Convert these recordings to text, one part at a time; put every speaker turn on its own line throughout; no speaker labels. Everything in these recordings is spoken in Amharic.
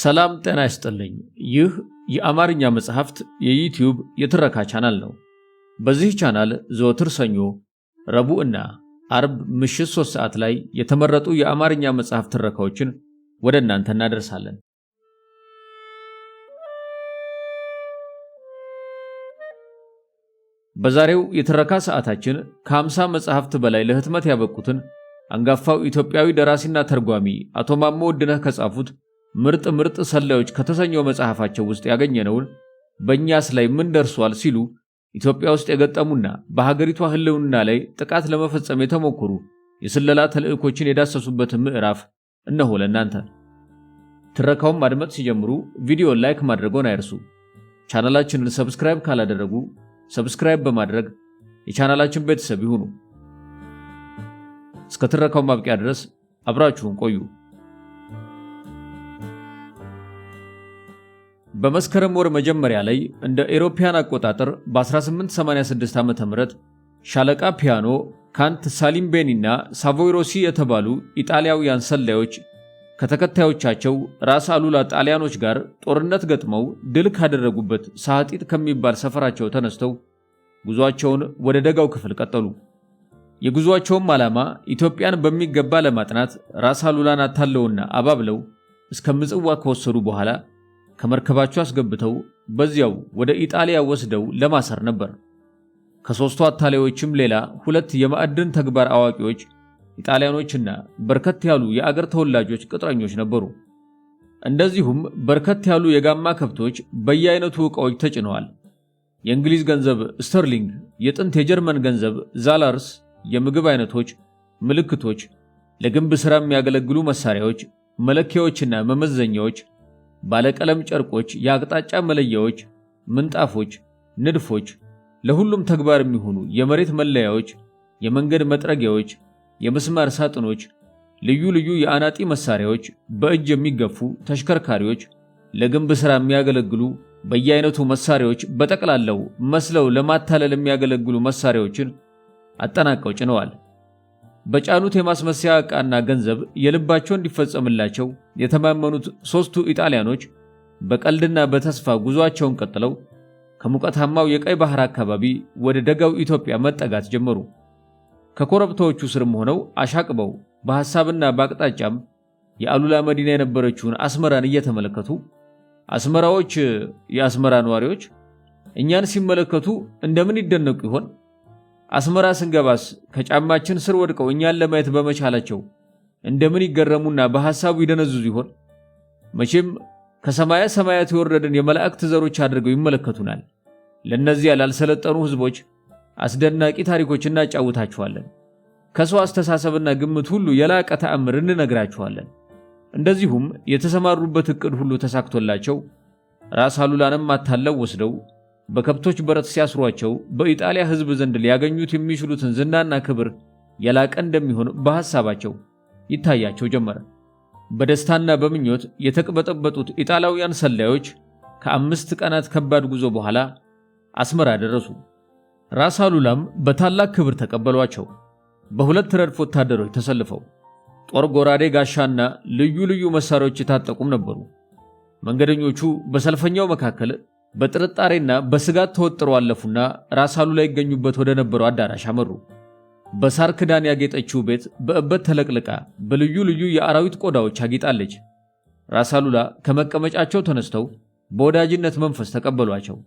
ሰላም ጤና ይስጥልኝ። ይህ የአማርኛ መጽሐፍት የዩቲዩብ የትረካ ቻናል ነው። በዚህ ቻናል ዘወትር ሰኞ፣ ረቡዕ እና አርብ ምሽት ሶስት ሰዓት ላይ የተመረጡ የአማርኛ መጽሐፍ ትረካዎችን ወደ እናንተ እናደርሳለን። በዛሬው የትረካ ሰዓታችን ከ50 መጽሐፍት በላይ ለህትመት ያበቁትን አንጋፋው ኢትዮጵያዊ ደራሲና ተርጓሚ አቶ ማሞ ወድነህ ከጻፉት ምርጥ ምርጥ ሰላዮች ከተሰኘው መጽሐፋቸው ውስጥ ያገኘነውን በእኛስ ላይ ምን ደርሷል ሲሉ ኢትዮጵያ ውስጥ የገጠሙና በሀገሪቷ ህልውና ላይ ጥቃት ለመፈጸም የተሞከሩ የስለላ ተልዕኮችን የዳሰሱበትን ምዕራፍ እነሆ ለእናንተ። ትረካውም ማድመጥ ሲጀምሩ ቪዲዮ ላይክ ማድረጎን አይርሱ። ቻናላችንን ሰብስክራይብ ካላደረጉ ሰብስክራይብ በማድረግ የቻናላችን ቤተሰብ ይሁኑ። እስከ ትረካው ማብቂያ ድረስ አብራችሁን ቆዩ። በመስከረም ወር መጀመሪያ ላይ እንደ ኤሮፓያን አቆጣጠር በ1886 ዓ ም ሻለቃ ፒያኖ፣ ካንት ሳሊምቤኒ እና ሳቮይሮሲ የተባሉ ኢጣሊያውያን ሰላዮች ከተከታዮቻቸው ራስ አሉላ ጣሊያኖች ጋር ጦርነት ገጥመው ድል ካደረጉበት ሳጢጥ ከሚባል ሰፈራቸው ተነስተው ጉዟቸውን ወደ ደጋው ክፍል ቀጠሉ። የጉዟቸውም ዓላማ ኢትዮጵያን በሚገባ ለማጥናት ራስ አሉላን አታለውና አባብለው እስከ ምጽዋ ከወሰዱ በኋላ ከመርከባቸው አስገብተው በዚያው ወደ ኢጣሊያ ወስደው ለማሰር ነበር። ከሦስቱ አታላዮችም ሌላ ሁለት የማዕድን ተግባር አዋቂዎች ኢጣሊያኖችና በርከት ያሉ የአገር ተወላጆች ቅጥረኞች ነበሩ። እንደዚሁም በርከት ያሉ የጋማ ከብቶች በየአይነቱ ዕቃዎች ተጭነዋል። የእንግሊዝ ገንዘብ ስተርሊንግ፣ የጥንት የጀርመን ገንዘብ ዛላርስ፣ የምግብ አይነቶች፣ ምልክቶች፣ ለግንብ ሥራ የሚያገለግሉ መሳሪያዎች፣ መለኪያዎችና መመዘኛዎች ባለቀለም ጨርቆች፣ የአቅጣጫ መለያዎች፣ ምንጣፎች፣ ንድፎች፣ ለሁሉም ተግባር የሚሆኑ የመሬት መለያዎች፣ የመንገድ መጥረጊያዎች፣ የምስማር ሳጥኖች፣ ልዩ ልዩ የአናጢ መሳሪያዎች፣ በእጅ የሚገፉ ተሽከርካሪዎች፣ ለግንብ ሥራ የሚያገለግሉ በየአይነቱ መሳሪያዎች በጠቅላላው መስለው ለማታለል የሚያገለግሉ መሳሪያዎችን አጠናቀው ጭነዋል። በጫኑት የማስመሰያ ዕቃና ገንዘብ የልባቸው እንዲፈጸምላቸው የተማመኑት ሦስቱ ኢጣሊያኖች በቀልድና በተስፋ ጉዞአቸውን ቀጥለው ከሙቀታማው የቀይ ባህር አካባቢ ወደ ደጋው ኢትዮጵያ መጠጋት ጀመሩ። ከኮረብታዎቹ ስርም ሆነው አሻቅበው በሐሳብና በአቅጣጫም የአሉላ መዲና የነበረችውን አስመራን እየተመለከቱ አስመራዎች የአስመራ ነዋሪዎች እኛን ሲመለከቱ እንደምን ይደነቁ ይሆን አስመራ ስንገባስ ከጫማችን ስር ወድቀው እኛን ለማየት በመቻላቸው እንደምን ይገረሙና በሐሳቡ ይደነዝዙ ይሆን? መቼም ከሰማያ ሰማያት የወረድን የመላእክት ዘሮች አድርገው ይመለከቱናል። ለእነዚያ ላልሰለጠኑ ሕዝቦች አስደናቂ ታሪኮች እናጫውታችኋለን። ከሰው አስተሳሰብና ግምት ሁሉ የላቀ ተአምር እንነግራችኋለን። እንደዚሁም የተሰማሩበት ዕቅድ ሁሉ ተሳክቶላቸው ራስ አሉላንም አታለው ወስደው በከብቶች በረት ሲያስሯቸው በኢጣሊያ ሕዝብ ዘንድ ሊያገኙት የሚችሉትን ዝናና ክብር የላቀ እንደሚሆን በሐሳባቸው ይታያቸው ጀመረ። በደስታና በምኞት የተቅበጠበጡት ኢጣሊያውያን ሰላዮች ከአምስት ቀናት ከባድ ጉዞ በኋላ አስመራ ደረሱ። ራስ አሉላም በታላቅ ክብር ተቀበሏቸው። በሁለት ረድፍ ወታደሮች ተሰልፈው ጦር፣ ጎራዴ፣ ጋሻና ልዩ ልዩ መሳሪያዎች የታጠቁም ነበሩ። መንገደኞቹ በሰልፈኛው መካከል በጥርጣሬና በስጋት ተወጥረው አለፉና ራሳሉ ላይ ይገኙበት ወደ ነበረው አዳራሽ አመሩ። በሳር ክዳን ያጌጠችው ቤት በእበት ተለቅልቃ በልዩ ልዩ የአራዊት ቆዳዎች አጊጣለች። ራሳሉላ ከመቀመጫቸው ተነስተው በወዳጅነት መንፈስ ተቀበሏቸው።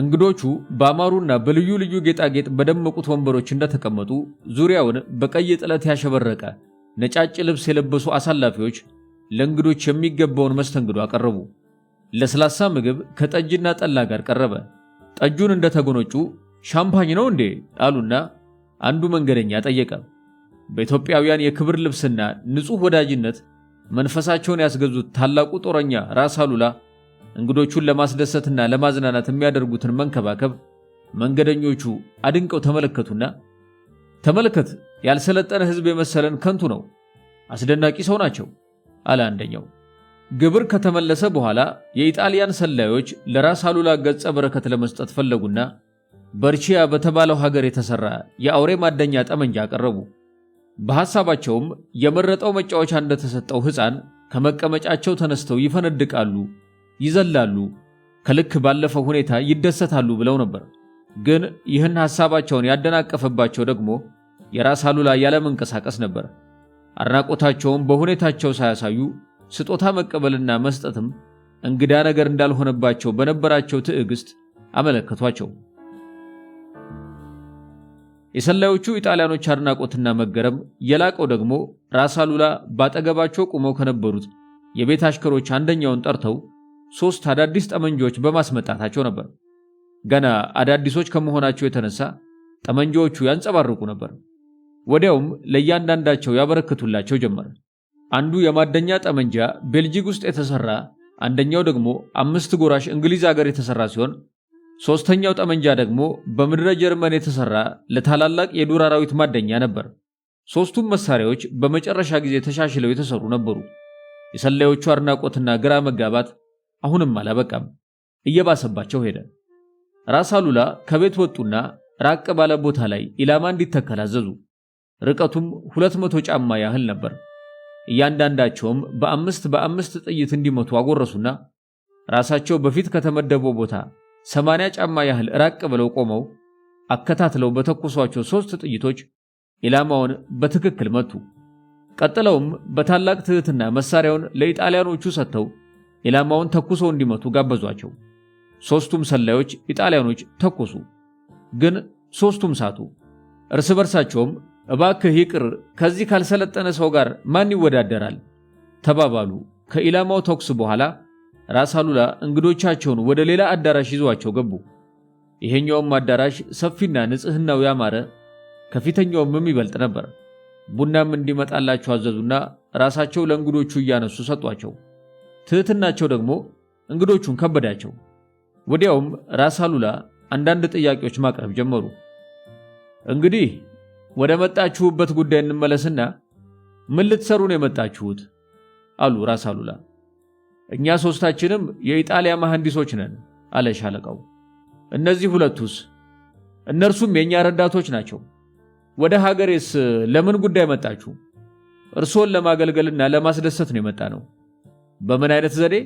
እንግዶቹ በአማሩና በልዩ ልዩ ጌጣጌጥ በደመቁት ወንበሮች እንደተቀመጡ ዙሪያውን በቀይ ጥለት ያሸበረቀ ነጫጭ ልብስ የለበሱ አሳላፊዎች ለእንግዶች የሚገባውን መስተንግዶ አቀረቡ። ለስላሳ ምግብ ከጠጅና ጠላ ጋር ቀረበ። ጠጁን እንደተጎነጩ ሻምፓኝ ነው እንዴ አሉና አንዱ መንገደኛ ጠየቀ። በኢትዮጵያውያን የክብር ልብስና ንጹሕ ወዳጅነት መንፈሳቸውን ያስገዙት ታላቁ ጦረኛ ራስ አሉላ እንግዶቹን ለማስደሰትና ለማዝናናት የሚያደርጉትን መንከባከብ መንገደኞቹ አድንቀው ተመለከቱና ተመልከት ያልሰለጠነ ሕዝብ የመሰለን ከንቱ ነው፣ አስደናቂ ሰው ናቸው አለ አንደኛው። ግብር ከተመለሰ በኋላ የኢጣሊያን ሰላዮች ለራስ አሉላ ገጸ በረከት ለመስጠት ፈለጉና በርቺያ በተባለው ሀገር የተሰራ የአውሬ ማደኛ ጠመንጃ አቀረቡ። በሐሳባቸውም የመረጠው መጫወቻ እንደተሰጠው ሕፃን ከመቀመጫቸው ተነስተው ይፈነድቃሉ፣ ይዘላሉ፣ ከልክ ባለፈው ሁኔታ ይደሰታሉ ብለው ነበር። ግን ይህን ሐሳባቸውን ያደናቀፈባቸው ደግሞ የራስ አሉላ ያለመንቀሳቀስ ነበር። አድናቆታቸውን በሁኔታቸው ሳያሳዩ ስጦታ መቀበልና መስጠትም እንግዳ ነገር እንዳልሆነባቸው በነበራቸው ትዕግስት አመለከቷቸው። የሰላዮቹ ኢጣሊያኖች አድናቆትና መገረም የላቀው ደግሞ ራስ አሉላ ባጠገባቸው ቆመው ከነበሩት የቤት አሽከሮች አንደኛውን ጠርተው ሦስት አዳዲስ ጠመንጃዎች በማስመጣታቸው ነበር። ገና አዳዲሶች ከመሆናቸው የተነሳ ጠመንጃዎቹ ያንጸባርቁ ነበር። ወዲያውም ለእያንዳንዳቸው ያበረክቱላቸው ጀመረ። አንዱ የማደኛ ጠመንጃ ቤልጂክ ውስጥ የተሰራ፣ አንደኛው ደግሞ አምስት ጎራሽ እንግሊዝ ሀገር የተሰራ ሲሆን ሶስተኛው ጠመንጃ ደግሞ በምድረ ጀርመን የተሰራ ለታላላቅ የዱር አራዊት ማደኛ ነበር። ሶስቱም መሳሪያዎች በመጨረሻ ጊዜ ተሻሽለው የተሰሩ ነበሩ። የሰላዮቹ አድናቆትና ግራ መጋባት አሁንም አላበቃም፣ እየባሰባቸው ሄደ። ራስ አሉላ ከቤት ወጡና ራቅ ባለ ቦታ ላይ ኢላማ እንዲተከል አዘዙ። ርቀቱም ሁለት መቶ ጫማ ያህል ነበር። እያንዳንዳቸውም በአምስት በአምስት ጥይት እንዲመቱ አጎረሱና ራሳቸው በፊት ከተመደበው ቦታ ሰማንያ ጫማ ያህል ራቅ ብለው ቆመው አከታትለው በተኮሷቸው ሦስት ጥይቶች ኢላማውን በትክክል መቱ። ቀጥለውም በታላቅ ትሕትና መሳሪያውን ለኢጣሊያኖቹ ሰጥተው ኢላማውን ተኩሰው እንዲመቱ ጋበዟቸው። ሦስቱም ሰላዮች ኢጣሊያኖች ተኮሱ፣ ግን ሦስቱም ሳቱ። እርስ በርሳቸውም እባክህ ይቅር፣ ከዚህ ካልሰለጠነ ሰው ጋር ማን ይወዳደራል ተባባሉ። ከኢላማው ተኩስ በኋላ ራስ አሉላ እንግዶቻቸውን ወደ ሌላ አዳራሽ ይዟቸው ገቡ። ይሄኛውም አዳራሽ ሰፊና ንጽህናው ያማረ ከፊተኛውም የሚበልጥ ነበር። ቡናም እንዲመጣላቸው አዘዙና ራሳቸው ለእንግዶቹ እያነሱ ሰጧቸው። ትህትናቸው ደግሞ እንግዶቹን ከበዳቸው። ወዲያውም ራስ አሉላ አንዳንድ ጥያቄዎች ማቅረብ ጀመሩ። እንግዲህ ወደ መጣችሁበት ጉዳይ እንመለስና ምን ልትሰሩ ነው የመጣችሁት? አሉ ራስ አሉላ። እኛ ሶስታችንም የኢጣሊያ መሐንዲሶች ነን አለ ሻለቃው። እነዚህ ሁለቱስ? እነርሱም የእኛ ረዳቶች ናቸው። ወደ ሀገሬስ ለምን ጉዳይ መጣችሁ? እርሶን ለማገልገልና ለማስደሰት ነው የመጣ ነው። በምን አይነት ዘዴ?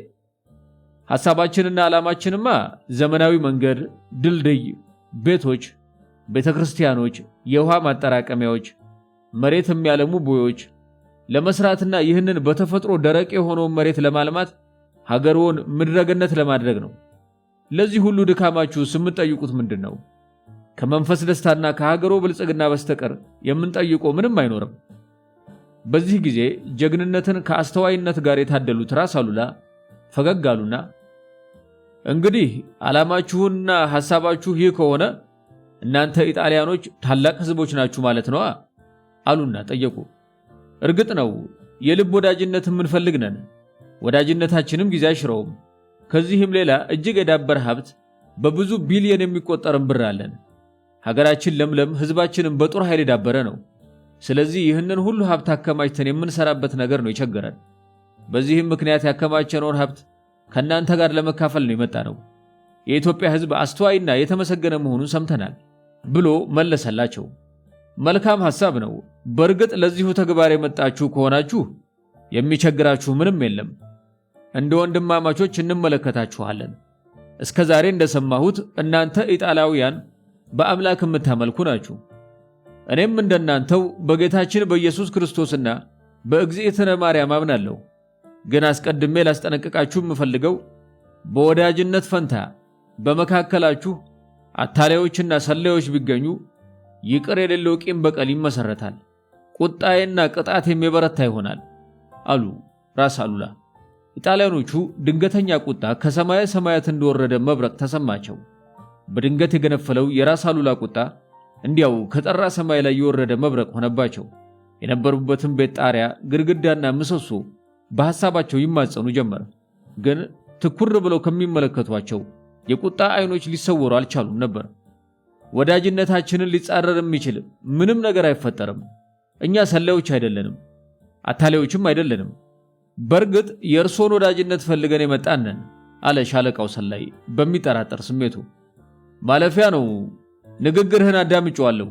ሐሳባችንና ዓላማችንማ ዘመናዊ መንገድ፣ ድልድይ፣ ቤቶች ቤተ ክርስቲያኖች፣ የውሃ ማጠራቀሚያዎች፣ መሬት የሚያለሙ ቦዮች ለመስራትና ይህንን በተፈጥሮ ደረቅ የሆነውን መሬት ለማልማት ሀገርዎን ምድረገነት ለማድረግ ነው። ለዚህ ሁሉ ድካማችሁስ የምትጠይቁት ምንድን ነው? ከመንፈስ ደስታና ከሀገሮ ብልጽግና በስተቀር የምንጠይቆ ምንም አይኖርም። በዚህ ጊዜ ጀግንነትን ከአስተዋይነት ጋር የታደሉት ራስ አሉላ ፈገግ አሉና እንግዲህ ዓላማችሁና ሐሳባችሁ ይህ ከሆነ እናንተ ኢጣሊያኖች ታላቅ ህዝቦች ናችሁ ማለት ነዋ አሉና ጠየቁ። እርግጥ ነው የልብ ወዳጅነት የምንፈልግ ነን። ወዳጅነታችንም ጊዜ አይሽረውም። ከዚህም ሌላ እጅግ የዳበር ሀብት በብዙ ቢሊየን የሚቆጠርን ብር አለን። ሀገራችን ለምለም፣ ህዝባችንም በጦር ኃይል የዳበረ ነው። ስለዚህ ይህንን ሁሉ ሀብት አከማችተን የምንሰራበት ነገር ነው የቸገረን። በዚህም ምክንያት ያከማቸነውን ሀብት ከእናንተ ጋር ለመካፈል ነው የመጣ ነው። የኢትዮጵያ ሕዝብ አስተዋይና የተመሰገነ መሆኑን ሰምተናል ብሎ መለሰላቸው። መልካም ሐሳብ ነው። በእርግጥ ለዚሁ ተግባር የመጣችሁ ከሆናችሁ የሚቸግራችሁ ምንም የለም። እንደ ወንድማማቾች እንመለከታችኋለን። እስከ ዛሬ እንደሰማሁት እናንተ ኢጣላውያን በአምላክ የምታመልኩ ናችሁ። እኔም እንደናንተው በጌታችን በኢየሱስ ክርስቶስና በእግዝእትነ ማርያም አምናለሁ። ግን አስቀድሜ ላስጠነቅቃችሁ የምፈልገው በወዳጅነት ፈንታ በመካከላችሁ አታላዮችና ሰላዮች ቢገኙ ይቅር የሌለው ቂም በቀል ይመሰረታል፣ ቁጣዬና ቅጣት የሚበረታ ይሆናል አሉ ራስ አሉላ። ኢጣሊያኖቹ ድንገተኛ ቁጣ ከሰማየ ሰማያት እንደወረደ መብረቅ ተሰማቸው። በድንገት የገነፈለው የራስ አሉላ ቁጣ እንዲያው ከጠራ ሰማይ ላይ የወረደ መብረቅ ሆነባቸው። የነበሩበትን ቤት ጣሪያ፣ ግድግዳና ምሰሶ በሐሳባቸው ይማጸኑ ጀመር። ግን ትኩር ብለው ከሚመለከቷቸው የቁጣ አይኖች ሊሰወሩ አልቻሉም ነበር። ወዳጅነታችንን ሊጻረር የሚችል ምንም ነገር አይፈጠርም። እኛ ሰላዮች አይደለንም፣ አታላዮችም አይደለንም። በእርግጥ የእርሶን ወዳጅነት ፈልገን የመጣነን አለ ሻለቃው ሰላይ በሚጠራጠር ስሜቱ። ማለፊያ ነው። ንግግርህን አዳምጨዋለሁ።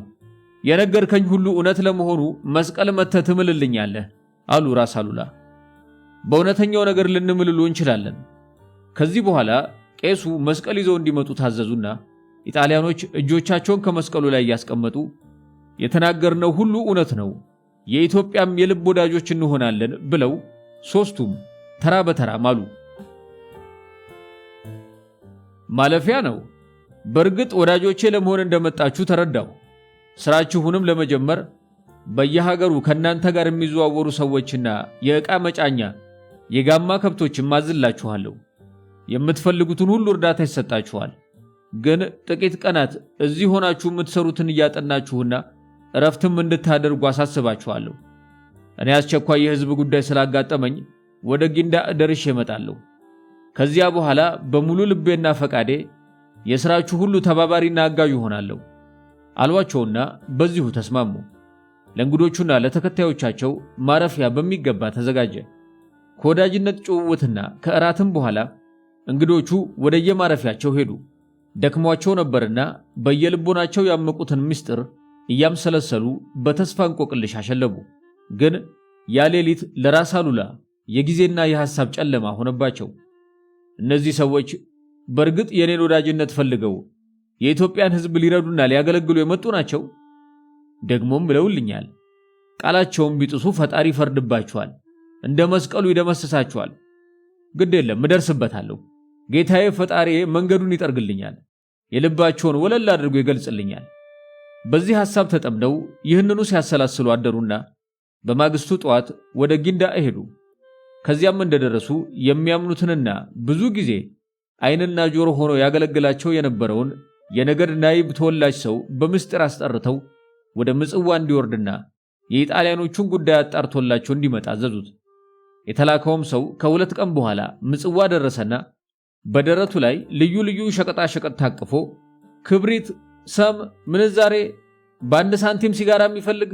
የነገርከኝ ሁሉ እውነት ለመሆኑ መስቀል መተህ ትምልልኛለህ አሉ ራስ አሉላ። በእውነተኛው ነገር ልንምልሉ እንችላለን ከዚህ በኋላ ቄሱ መስቀል ይዘው እንዲመጡ ታዘዙና ኢጣሊያኖች እጆቻቸውን ከመስቀሉ ላይ እያስቀመጡ የተናገርነው ሁሉ እውነት ነው፣ የኢትዮጵያም የልብ ወዳጆች እንሆናለን ብለው ሦስቱም ተራ በተራ ማሉ። ማለፊያ ነው። በእርግጥ ወዳጆቼ ለመሆን እንደመጣችሁ ተረዳው። ስራችሁንም ለመጀመር በየሀገሩ ከእናንተ ጋር የሚዘዋወሩ ሰዎችና የዕቃ መጫኛ የጋማ ከብቶችም አዝላችኋለሁ። የምትፈልጉትን ሁሉ እርዳታ ይሰጣችኋል። ግን ጥቂት ቀናት እዚህ ሆናችሁ የምትሰሩትን እያጠናችሁና እረፍትም እንድታደርጉ አሳስባችኋለሁ። እኔ አስቸኳይ የሕዝብ ጉዳይ ስላጋጠመኝ ወደ ጊንዳ ደርሼ እመጣለሁ። ከዚያ በኋላ በሙሉ ልቤና ፈቃዴ የሥራችሁ ሁሉ ተባባሪና አጋዥ ይሆናለሁ አሏቸውና በዚሁ ተስማሙ። ለእንግዶቹና ለተከታዮቻቸው ማረፊያ በሚገባ ተዘጋጀ። ከወዳጅነት ጭውውትና ከእራትም በኋላ እንግዶቹ የማረፊያቸው ሄዱ። ደክሟቸው ነበርና በየልቦናቸው ያመቁትን ምስጢር እያምሰለሰሉ በተስፋ እንቆቅልሽ አሸለቡ። ግን ያ ሌሊት ለራስ አሉላ የጊዜና የሐሳብ ጨለማ ሆነባቸው። እነዚህ ሰዎች በእርግጥ የኔን ወዳጅነት ፈልገው የኢትዮጵያን ሕዝብ ሊረዱና ሊያገለግሉ የመጡ ናቸው? ደግሞም ብለውልኛል። ቃላቸውን ቢጥሱ ፈጣሪ ይፈርድባቸዋል እንደ መስቀሉ ይደመስሳቸዋል! ግድ የለም እደርስበታለሁ። ጌታዬ ፈጣሪ መንገዱን ይጠርግልኛል፣ የልባቸውን ወለል አድርጎ ይገልጽልኛል። በዚህ ሐሳብ ተጠምደው ይህንኑ ሲያሰላስሉ አደሩና በማግስቱ ጠዋት ወደ ጊንዳ እሄዱ። ከዚያም እንደደረሱ የሚያምኑትንና ብዙ ጊዜ አይንና ጆሮ ሆኖ ያገለግላቸው የነበረውን የነገድ ናይብ ተወላጅ ሰው በምስጢር አስጠርተው ወደ ምጽዋ እንዲወርድና የኢጣሊያኖቹን ጉዳይ አጣርቶላቸው እንዲመጣ አዘዙት። የተላከውም ሰው ከሁለት ቀን በኋላ ምጽዋ ደረሰና በደረቱ ላይ ልዩ ልዩ ሸቀጣሸቀጥ ታቅፎ ክብሪት፣ ሰም፣ ምንዛሬ፣ በአንድ ሳንቲም ሲጋራ የሚፈልግ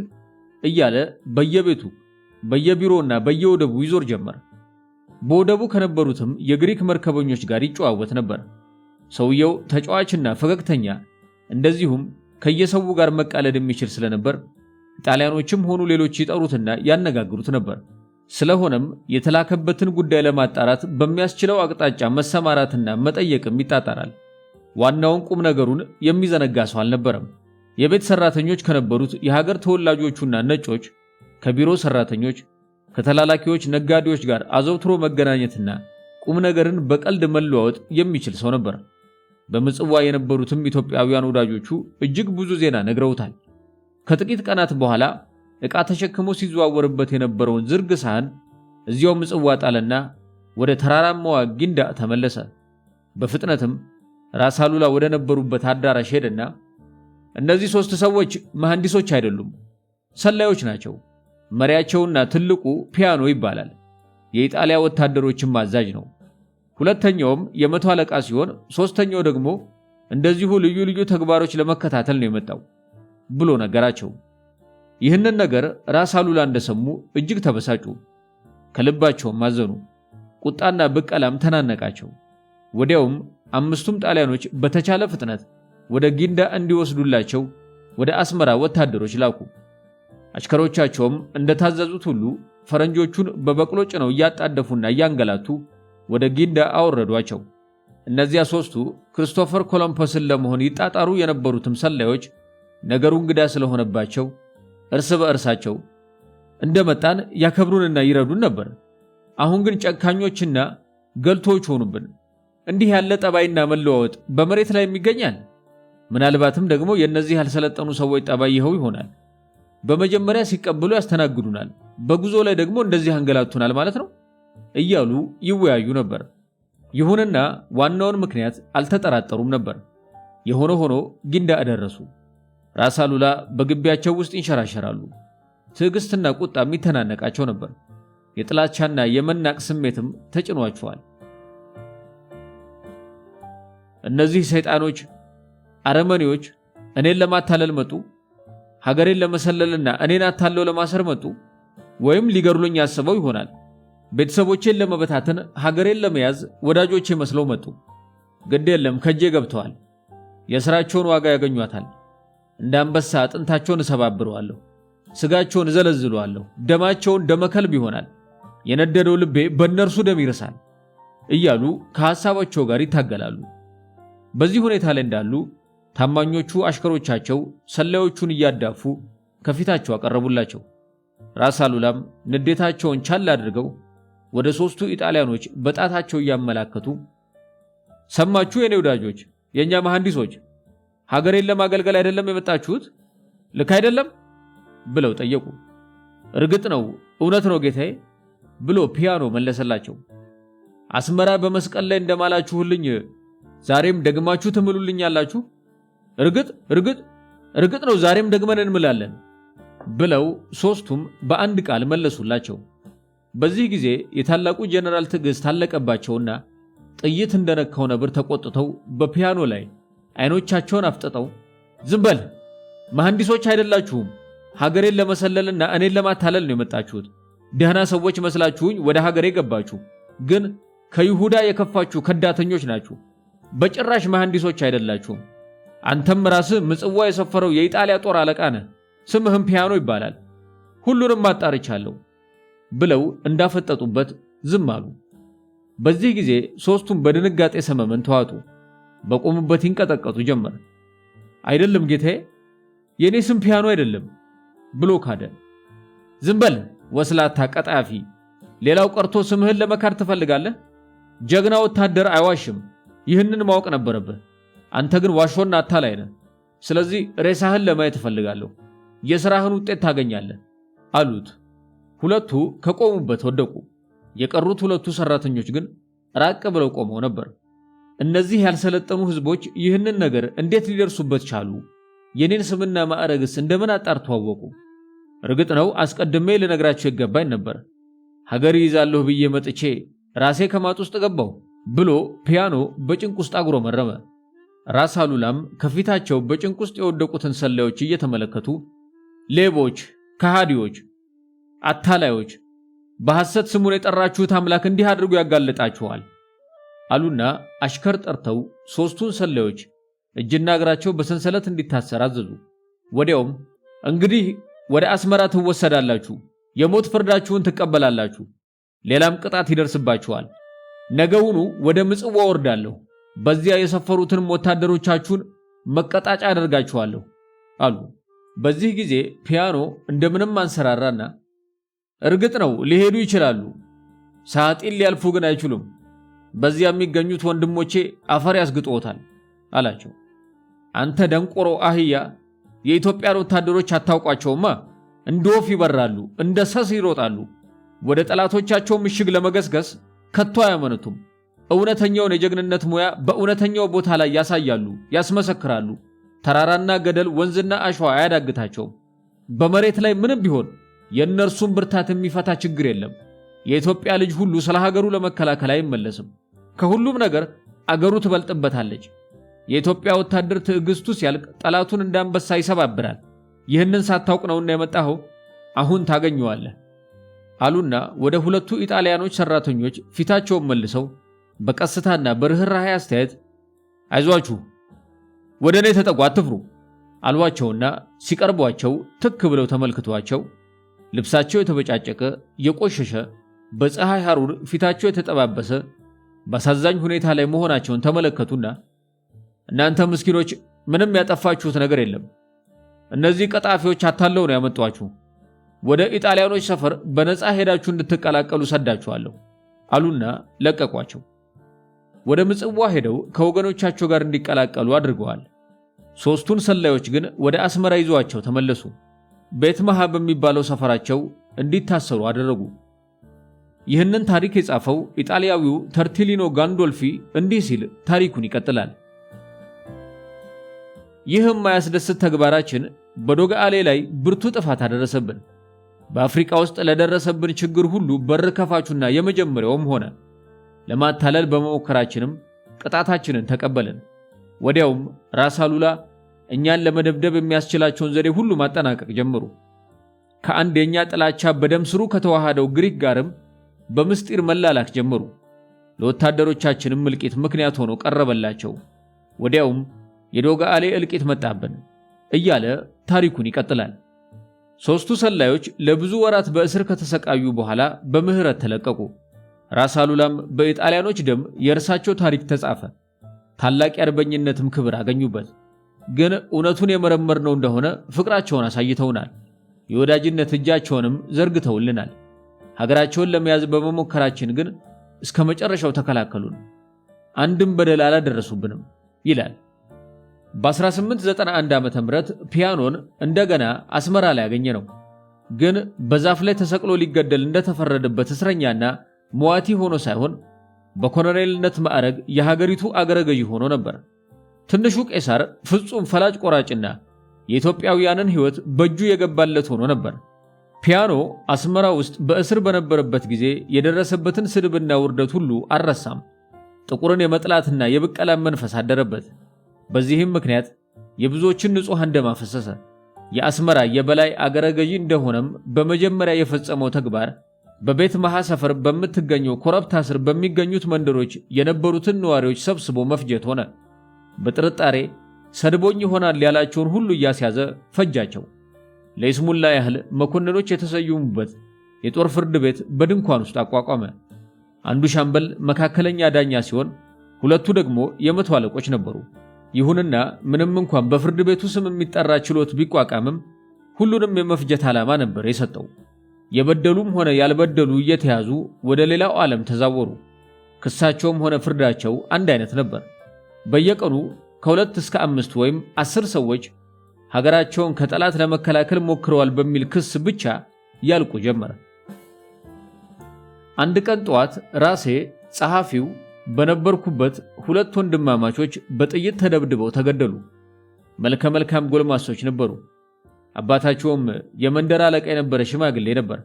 እያለ በየቤቱ በየቢሮና በየወደቡ ይዞር ጀመር። በወደቡ ከነበሩትም የግሪክ መርከበኞች ጋር ይጨዋወት ነበር። ሰውየው ተጫዋችና ፈገግተኛ እንደዚሁም ከየሰው ጋር መቃለድ የሚችል ስለነበር ጣሊያኖችም ሆኑ ሌሎች ይጠሩትና ያነጋግሩት ነበር። ስለሆነም የተላከበትን ጉዳይ ለማጣራት በሚያስችለው አቅጣጫ መሰማራትና መጠየቅም ይጣጣራል። ዋናውን ቁም ነገሩን የሚዘነጋ ሰው አልነበረም። የቤት ሰራተኞች ከነበሩት የሀገር ተወላጆቹና ነጮች፣ ከቢሮ ሰራተኞች፣ ከተላላኪዎች፣ ነጋዴዎች ጋር አዘውትሮ መገናኘትና ቁም ነገርን በቀልድ መለዋወጥ የሚችል ሰው ነበር። በምጽዋ የነበሩትም ኢትዮጵያውያን ወዳጆቹ እጅግ ብዙ ዜና ነግረውታል። ከጥቂት ቀናት በኋላ ዕቃ ተሸክሞ ሲዘዋወርበት የነበረውን ዝርግ ሳህን እዚያው ምጽዋ ጣለና ወደ ተራራማዋ ጊንዳ ተመለሰ። በፍጥነትም ራስ አሉላ ወደ ነበሩበት አዳራሽ ሄደና እነዚህ ሦስት ሰዎች መሐንዲሶች አይደሉም፣ ሰላዮች ናቸው። መሪያቸውና ትልቁ ፒያኖ ይባላል። የኢጣሊያ ወታደሮችም አዛዥ ነው። ሁለተኛውም የመቶ አለቃ ሲሆን፣ ሦስተኛው ደግሞ እንደዚሁ ልዩ ልዩ ተግባሮች ለመከታተል ነው የመጣው ብሎ ነገራቸው። ይህንን ነገር ራስ አሉላ እንደሰሙ እጅግ ተበሳጩ፣ ከልባቸውም አዘኑ። ቁጣና ብቀላም ተናነቃቸው። ወዲያውም አምስቱም ጣሊያኖች በተቻለ ፍጥነት ወደ ጊንዳ እንዲወስዱላቸው ወደ አስመራ ወታደሮች ላኩ። አሽከሮቻቸውም እንደታዘዙት ሁሉ ፈረንጆቹን በበቅሎ ጭነው እያጣደፉና እያንገላቱ ወደ ጊንዳ አወረዷቸው። እነዚያ ሦስቱ ክርስቶፈር ኮሎምፐስን ለመሆን ይጣጣሩ የነበሩትም ሰላዮች ነገሩ እንግዳ ስለሆነባቸው እርስ በእርሳቸው እንደመጣን ያከብሩንና ይረዱን ነበር። አሁን ግን ጨካኞችና ገልቶዎች ሆኑብን። እንዲህ ያለ ጠባይና መለዋወጥ በመሬት ላይ የሚገኛል? ምናልባትም ደግሞ የእነዚህ ያልሰለጠኑ ሰዎች ጠባይ ይኸው ይሆናል። በመጀመሪያ ሲቀበሉ ያስተናግዱናል፣ በጉዞ ላይ ደግሞ እንደዚህ አንገላቱናል ማለት ነው እያሉ ይወያዩ ነበር። ይሁንና ዋናውን ምክንያት አልተጠራጠሩም ነበር። የሆነ ሆኖ ጊንዳ አደረሱ። ራስ አሉላ በግቢያቸው ውስጥ ይንሸራሸራሉ። ትዕግስትና ቁጣ የሚተናነቃቸው ነበር። የጥላቻና የመናቅ ስሜትም ተጭኗቸዋል። እነዚህ ሰይጣኖች፣ አረመኔዎች እኔን ለማታለል መጡ፣ ሀገሬን ለመሰለልና እኔን አታለው ለማሰር መጡ፣ ወይም ሊገድሉኝ ያስበው ይሆናል። ቤተሰቦቼን ለመበታተን፣ ሀገሬን ለመያዝ ወዳጆቼ መስለው መጡ። ግድ የለም ከጄ ገብተዋል። የሥራቸውን ዋጋ ያገኟታል። እንደ አንበሳ አጥንታቸውን እሰባብረዋለሁ፣ ስጋቸውን እዘለዝለዋለሁ፣ ደማቸውን ደመከልብ ይሆናል፣ የነደደው ልቤ በእነርሱ ደም ይርሳል እያሉ ከሐሳባቸው ጋር ይታገላሉ። በዚህ ሁኔታ ላይ እንዳሉ ታማኞቹ አሽከሮቻቸው ሰላዮቹን እያዳፉ ከፊታቸው አቀረቡላቸው። ራስ አሉላም ንዴታቸውን ቻል አድርገው ወደ ሦስቱ ኢጣሊያኖች በጣታቸው እያመላከቱ ሰማችሁ የኔ ወዳጆች፣ የእኛ መሐንዲሶች ሀገሬን ለማገልገል አይደለም የመጣችሁት? ልክ አይደለም ብለው ጠየቁ። እርግጥ ነው እውነት ነው ጌታዬ ብሎ ፒያኖ መለሰላቸው። አስመራ በመስቀል ላይ እንደማላችሁልኝ ዛሬም ደግማችሁ ትምሉልኛላችሁ? እርግጥ እርግጥ እርግጥ ነው ዛሬም ደግመን እንምላለን ብለው ሦስቱም በአንድ ቃል መለሱላቸው። በዚህ ጊዜ የታላቁ ጀነራል ትዕግሥት አለቀባቸውና ጥይት እንደነካው ነብር ተቆጥተው በፒያኖ ላይ አይኖቻቸውን አፍጥጠው ዝም በል መሐንዲሶች አይደላችሁም፣ ሀገሬን ለመሰለልና እኔን ለማታለል ነው የመጣችሁት። ደህና ሰዎች መስላችሁኝ ወደ ሀገሬ ገባችሁ፣ ግን ከይሁዳ የከፋችሁ ከዳተኞች ናችሁ። በጭራሽ መሐንዲሶች አይደላችሁም። አንተም ራስህ ምጽዋ የሰፈረው የኢጣሊያ ጦር አለቃ ነህ፣ ስምህም ፒያኖ ይባላል። ሁሉንም አጣርቻለሁ ብለው እንዳፈጠጡበት ዝም አሉ። በዚህ ጊዜ ሦስቱም በድንጋጤ ሰመመን ተዋጡ። በቆሙበት ይንቀጠቀጡ ጀመር። አይደለም ጌታዬ፣ የእኔ ስም ፒያኖ አይደለም ብሎ ካደ። ዝምበል ወስላታ ቀጣፊ፣ ሌላው ቀርቶ ስምህን ለመካድ ትፈልጋለህ። ጀግና ወታደር አይዋሽም፣ ይህንን ማወቅ ነበረብህ። አንተ ግን ዋሾና አታላይ ነህ። ስለዚህ ሬሳህን ለማየት እፈልጋለሁ፣ የሥራህን ውጤት ታገኛለህ አሉት። ሁለቱ ከቆሙበት ወደቁ። የቀሩት ሁለቱ ሠራተኞች ግን ራቅ ብለው ቆመው ነበር። እነዚህ ያልሰለጠኑ ሕዝቦች ይህንን ነገር እንዴት ሊደርሱበት ቻሉ? የኔን ስምና ማዕረግስ እንደምን አጣርቶ አወቁ? እርግጥ ነው አስቀድሜ ልነግራቸው ይገባኝ ነበር። ሀገር ይይዛለሁ ብዬ መጥቼ ራሴ ከማጥ ውስጥ ገባሁ ብሎ ፒያኖ በጭንቅ ውስጥ አጉረመረመ። ራስ አሉላም ከፊታቸው በጭንቅ ውስጥ የወደቁትን ሰላዮች እየተመለከቱ ሌቦች፣ ከሃዲዎች፣ አታላዮች፣ በሐሰት ስሙን የጠራችሁት አምላክ እንዲህ አድርጎ ያጋልጣችኋል አሉና አሽከር ጠርተው ሦስቱን ሰላዮች እጅና እግራቸው በሰንሰለት እንዲታሰር አዘዙ። ወዲያውም እንግዲህ ወደ አስመራ ትወሰዳላችሁ፣ የሞት ፍርዳችሁን ትቀበላላችሁ፣ ሌላም ቅጣት ይደርስባችኋል። ነገውኑ ወደ ምጽዋ ወርዳለሁ፣ በዚያ የሰፈሩትንም ወታደሮቻችሁን መቀጣጫ አደርጋችኋለሁ አሉ። በዚህ ጊዜ ፒያኖ እንደምንም አንሰራራና እርግጥ ነው ሊሄዱ ይችላሉ፣ ሳጢን ሊያልፉ ግን አይችሉም በዚያ የሚገኙት ወንድሞቼ አፈር ያስግጥዎታል አላቸው። አንተ ደንቆሮ አህያ የኢትዮጵያን ወታደሮች አታውቋቸውማ። እንደ ወፍ ይበራሉ፣ እንደ ሰስ ይሮጣሉ። ወደ ጠላቶቻቸው ምሽግ ለመገስገስ ከቶ አያመነቱም። እውነተኛውን የጀግንነት ሙያ በእውነተኛው ቦታ ላይ ያሳያሉ፣ ያስመሰክራሉ። ተራራና ገደል፣ ወንዝና አሸዋ አያዳግታቸውም። በመሬት ላይ ምንም ቢሆን የእነርሱን ብርታት የሚፈታ ችግር የለም። የኢትዮጵያ ልጅ ሁሉ ስለ ሀገሩ ለመከላከል አይመለስም። ከሁሉም ነገር አገሩ ትበልጥበታለች። የኢትዮጵያ ወታደር ትዕግስቱ ሲያልቅ ጠላቱን እንዳንበሳ ይሰባብራል። ይህንን ሳታውቅ ነውና የመጣኸው፣ አሁን ታገኘዋለህ አሉና ወደ ሁለቱ ኢጣሊያኖች ሰራተኞች ፊታቸውን መልሰው በቀስታና በርኅራኄ አስተያየት አይዟችሁ፣ ወደ እኔ ተጠጉ፣ አትፍሩ አሏቸውና ሲቀርቧቸው ትክ ብለው ተመልክቷቸው ልብሳቸው የተበጫጨቀ የቆሸሸ በፀሐይ ሐሩር ፊታቸው የተጠባበሰ በአሳዛኝ ሁኔታ ላይ መሆናቸውን ተመለከቱና እናንተ ምስኪኖች ምንም ያጠፋችሁት ነገር የለም፣ እነዚህ ቀጣፊዎች አታለው ነው ያመጧችሁ፣ ወደ ኢጣሊያኖች ሰፈር በነፃ ሄዳችሁ እንድትቀላቀሉ ሰዳችኋለሁ አሉና ለቀቋቸው። ወደ ምጽዋ ሄደው ከወገኖቻቸው ጋር እንዲቀላቀሉ አድርገዋል። ሦስቱን ሰላዮች ግን ወደ አስመራ ይዘዋቸው ተመለሱ። ቤት መሃ በሚባለው ሰፈራቸው እንዲታሰሩ አደረጉ። ይህንን ታሪክ የጻፈው ኢጣሊያዊው ተርቲሊኖ ጋንዶልፊ እንዲህ ሲል ታሪኩን ይቀጥላል። ይህ የማያስደስት ተግባራችን በዶግአሌ ላይ ብርቱ ጥፋት አደረሰብን። በአፍሪካ ውስጥ ለደረሰብን ችግር ሁሉ በር ከፋቹና የመጀመሪያውም ሆነ። ለማታለል በመሞከራችንም ቅጣታችንን ተቀበልን። ወዲያውም ራስ አሉላ እኛን ለመደብደብ የሚያስችላቸውን ዘዴ ሁሉ ማጠናቀቅ ጀመሩ። ከአንድ የእኛ ጥላቻ በደም ስሩ ከተዋሃደው ግሪክ ጋርም በምስጢር መላላክ ጀመሩ። ለወታደሮቻችንም እልቂት ምክንያት ሆኖ ቀረበላቸው። ወዲያውም የዶጋአሌ እልቂት መጣብን እያለ ታሪኩን ይቀጥላል። ሦስቱ ሰላዮች ለብዙ ወራት በእስር ከተሰቃዩ በኋላ በምህረት ተለቀቁ። ራስ አሉላም በኢጣሊያኖች ደም የእርሳቸው ታሪክ ተጻፈ። ታላቅ የአርበኝነትም ክብር አገኙበት። ግን እውነቱን የመረመርነው እንደሆነ ፍቅራቸውን አሳይተውናል። የወዳጅነት እጃቸውንም ዘርግተውልናል። ሀገራቸውን ለመያዝ በመሞከራችን ግን እስከ መጨረሻው ተከላከሉን፣ አንድም በደል አላደረሱብንም ይላል። በ1891 ዓ ም ፒያኖን እንደገና አስመራ ላይ ያገኘ ነው። ግን በዛፍ ላይ ተሰቅሎ ሊገደል እንደተፈረደበት እስረኛና መዋቲ ሆኖ ሳይሆን በኮሎኔልነት ማዕረግ የሀገሪቱ አገረ ገዢ ሆኖ ነበር። ትንሹ ቄሳር ፍጹም ፈላጭ ቆራጭና የኢትዮጵያውያንን ሕይወት በእጁ የገባለት ሆኖ ነበር። ፒያኖ አስመራ ውስጥ በእስር በነበረበት ጊዜ የደረሰበትን ስድብና ውርደት ሁሉ አልረሳም። ጥቁርን የመጥላትና የብቀላም መንፈስ አደረበት። በዚህም ምክንያት የብዙዎችን ንጹሐን ደም አፈሰሰ። የአስመራ የበላይ አገረ ገዢ እንደሆነም በመጀመሪያ የፈጸመው ተግባር በቤት መሃ ሰፈር በምትገኘው ኮረብታ ስር በሚገኙት መንደሮች የነበሩትን ነዋሪዎች ሰብስቦ መፍጀት ሆነ። በጥርጣሬ ሰድቦኝ ይሆናል ያላቸውን ሁሉ እያስያዘ ፈጃቸው። ለይስሙላ ያህል መኮንኖች የተሰየሙበት የጦር ፍርድ ቤት በድንኳን ውስጥ አቋቋመ። አንዱ ሻምበል መካከለኛ ዳኛ ሲሆን፣ ሁለቱ ደግሞ የመቶ አለቆች ነበሩ። ይሁንና ምንም እንኳን በፍርድ ቤቱ ስም የሚጠራ ችሎት ቢቋቋምም ሁሉንም የመፍጀት ዓላማ ነበር የሰጠው። የበደሉም ሆነ ያልበደሉ እየተያዙ ወደ ሌላው ዓለም ተዛወሩ። ክሳቸውም ሆነ ፍርዳቸው አንድ አይነት ነበር። በየቀኑ ከሁለት እስከ አምስት ወይም አስር ሰዎች ሀገራቸውን ከጠላት ለመከላከል ሞክረዋል በሚል ክስ ብቻ ያልቁ ጀመረ። አንድ ቀን ጠዋት ራሴ ጸሐፊው በነበርኩበት ሁለት ወንድማማቾች በጥይት ተደብድበው ተገደሉ። መልከ መልካም ጎልማሶች ነበሩ። አባታቸውም የመንደር አለቃ የነበረ ሽማግሌ ነበር።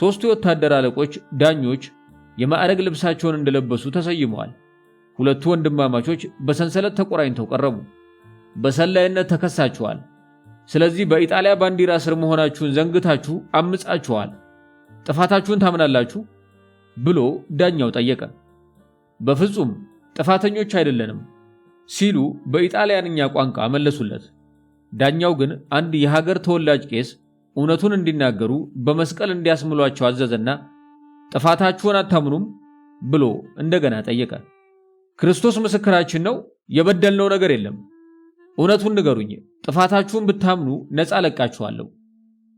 ሦስቱ የወታደር አለቆች ዳኞች የማዕረግ ልብሳቸውን እንደለበሱ ተሰይመዋል። ሁለቱ ወንድማማቾች በሰንሰለት ተቆራኝተው ቀረቡ። በሰላይነት ተከሳችኋል። ስለዚህ በኢጣሊያ ባንዲራ ስር መሆናችሁን ዘንግታችሁ አምጻችኋል። ጥፋታችሁን ታምናላችሁ ብሎ ዳኛው ጠየቀ። በፍጹም ጥፋተኞች አይደለንም ሲሉ በኢጣሊያንኛ ቋንቋ መለሱለት። ዳኛው ግን አንድ የሀገር ተወላጅ ቄስ እውነቱን እንዲናገሩ በመስቀል እንዲያስምሏቸው አዘዘና ጥፋታችሁን አታምኑም ብሎ እንደገና ጠየቀ። ክርስቶስ ምስክራችን ነው፣ የበደልነው ነገር የለም እውነቱን ንገሩኝ፣ ጥፋታችሁን ብታምኑ ነፃ ለቃችኋለሁ፣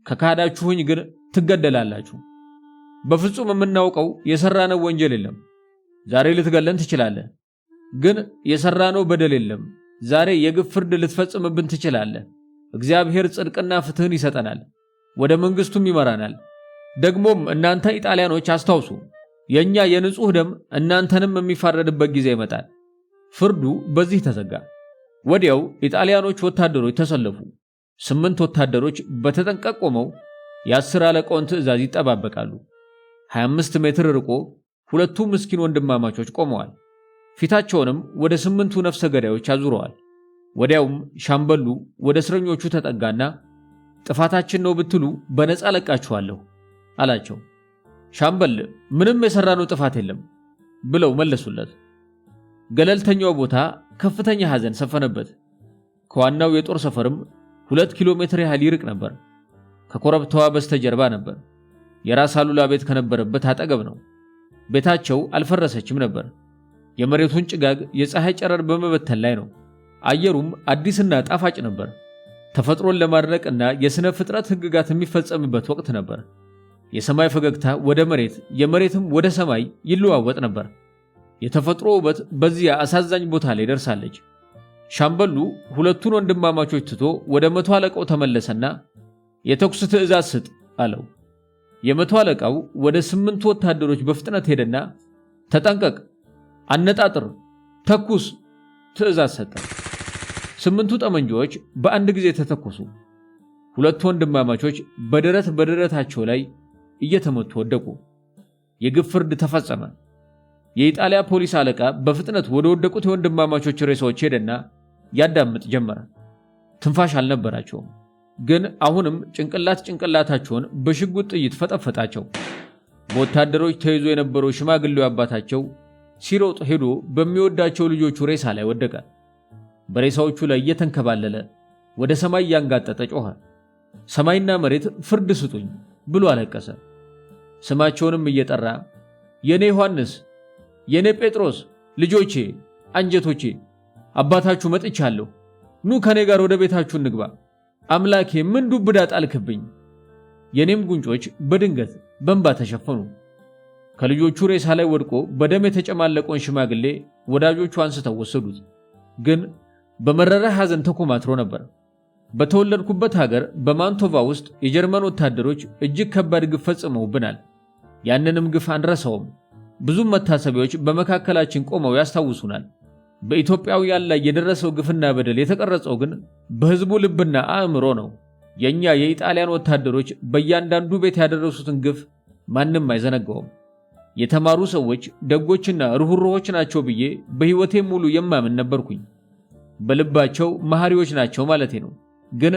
ከካዳችሁኝ ግን ትገደላላችሁ። በፍጹም የምናውቀው የሰራነው ወንጀል የለም። ዛሬ ልትገለን ትችላለህ፣ ግን የሰራነው በደል የለም። ዛሬ የግፍ ፍርድ ልትፈጽምብን ትችላለህ። እግዚአብሔር ጽድቅና ፍትህን ይሰጠናል፣ ወደ መንግስቱም ይመራናል። ደግሞም እናንተ ኢጣሊያኖች አስታውሱ፣ የእኛ የንጹሕ ደም እናንተንም የሚፋረድበት ጊዜ ይመጣል። ፍርዱ በዚህ ተዘጋ። ወዲያው የጣሊያኖች ወታደሮች ተሰለፉ። ስምንት ወታደሮች በተጠንቀቅ ቆመው የአስር አለቃውን ትዕዛዝ ይጠባበቃሉ። 25 ሜትር ርቆ ሁለቱ ምስኪን ወንድማማቾች ቆመዋል። ፊታቸውንም ወደ ስምንቱ ነፍሰ ገዳዮች አዙረዋል። ወዲያውም ሻምበሉ ወደ እስረኞቹ ተጠጋና ጥፋታችን ነው ብትሉ በነፃ ለቃችኋለሁ አላቸው። ሻምበል ምንም የሠራነው ጥፋት የለም ብለው መለሱለት። ገለልተኛው ቦታ ከፍተኛ ሐዘን ሰፈነበት። ከዋናው የጦር ሰፈርም ሁለት ኪሎ ሜትር ያህል ይርቅ ነበር። ከኮረብታዋ በስተጀርባ ነበር። የራስ አሉላ ቤት ከነበረበት አጠገብ ነው። ቤታቸው አልፈረሰችም ነበር። የመሬቱን ጭጋግ የፀሐይ ጨረር በመበተን ላይ ነው። አየሩም አዲስና ጣፋጭ ነበር። ተፈጥሮን ለማድነቅና የሥነ ፍጥረት ሕግጋት የሚፈጸምበት ወቅት ነበር። የሰማይ ፈገግታ ወደ መሬት፣ የመሬትም ወደ ሰማይ ይለዋወጥ ነበር። የተፈጥሮ ውበት በዚያ አሳዛኝ ቦታ ላይ ደርሳለች። ሻምበሉ ሁለቱን ወንድማማቾች ትቶ ወደ መቶ አለቃው ተመለሰና የተኩስ ትዕዛዝ ስጥ አለው። የመቶ አለቃው ወደ ስምንቱ ወታደሮች በፍጥነት ሄደና ተጠንቀቅ፣ አነጣጥር፣ ተኩስ ትዕዛዝ ሰጠ። ስምንቱ ጠመንጃዎች በአንድ ጊዜ ተተኮሱ። ሁለቱ ወንድማማቾች በደረት በደረታቸው ላይ እየተመቱ ወደቁ። የግፍ ፍርድ ተፈጸመ። የኢጣሊያ ፖሊስ አለቃ በፍጥነት ወደ ወደቁት የወንድማማቾች ሬሳዎች ሄደና ያዳምጥ ጀመረ። ትንፋሽ አልነበራቸውም፣ ግን አሁንም ጭንቅላት ጭንቅላታቸውን በሽጉጥ ጥይት ፈጠፈጣቸው። በወታደሮች ተይዞ የነበረው ሽማግሌው አባታቸው ሲሮጥ ሄዶ በሚወዳቸው ልጆቹ ሬሳ ላይ ወደቀ። በሬሳዎቹ ላይ እየተንከባለለ ወደ ሰማይ እያንጋጠጠ ጮኸ። ሰማይና መሬት ፍርድ ስጡኝ ብሎ አለቀሰ። ስማቸውንም እየጠራ የእኔ ዮሐንስ የእኔ ጴጥሮስ ልጆቼ አንጀቶቼ አባታችሁ መጥቻለሁ፣ ኑ ከኔ ጋር ወደ ቤታችሁ እንግባ። አምላኬ ምን ዱብዳ ጣልክብኝ? የኔም ጉንጮች በድንገት በእንባ ተሸፈኑ። ከልጆቹ ሬሳ ላይ ወድቆ በደም የተጨማለቀውን ሽማግሌ ወዳጆቹ አንስተው ወሰዱት። ግን በመረራ ሐዘን ተኮማትሮ ነበር። በተወለድኩበት ሀገር በማንቶቫ ውስጥ የጀርመን ወታደሮች እጅግ ከባድ ግፍ ፈጽመውብናል። ያንንም ግፍ አንረሳውም። ብዙ መታሰቢያዎች በመካከላችን ቆመው ያስታውሱናል። በኢትዮጵያውያን ላይ የደረሰው ግፍና በደል የተቀረጸው ግን በሕዝቡ ልብና አእምሮ ነው። የእኛ የኢጣሊያን ወታደሮች በእያንዳንዱ ቤት ያደረሱትን ግፍ ማንም አይዘነገውም። የተማሩ ሰዎች ደጎችና ርኅሩኆች ናቸው ብዬ በሕይወቴ ሙሉ የማምን ነበርኩኝ። በልባቸው መሐሪዎች ናቸው ማለቴ ነው። ግን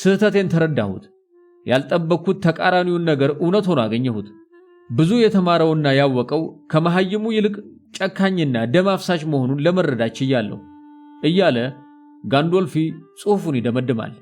ስህተቴን ተረዳሁት። ያልጠበቅኩት ተቃራኒውን ነገር እውነት ሆኖ አገኘሁት። ብዙ የተማረውና ያወቀው ከመሐይሙ ይልቅ ጨካኝና ደም አፍሳሽ መሆኑን ለመረዳት ችያለሁ እያለ ጋንዶልፊ ጽሑፉን ይደመድማል።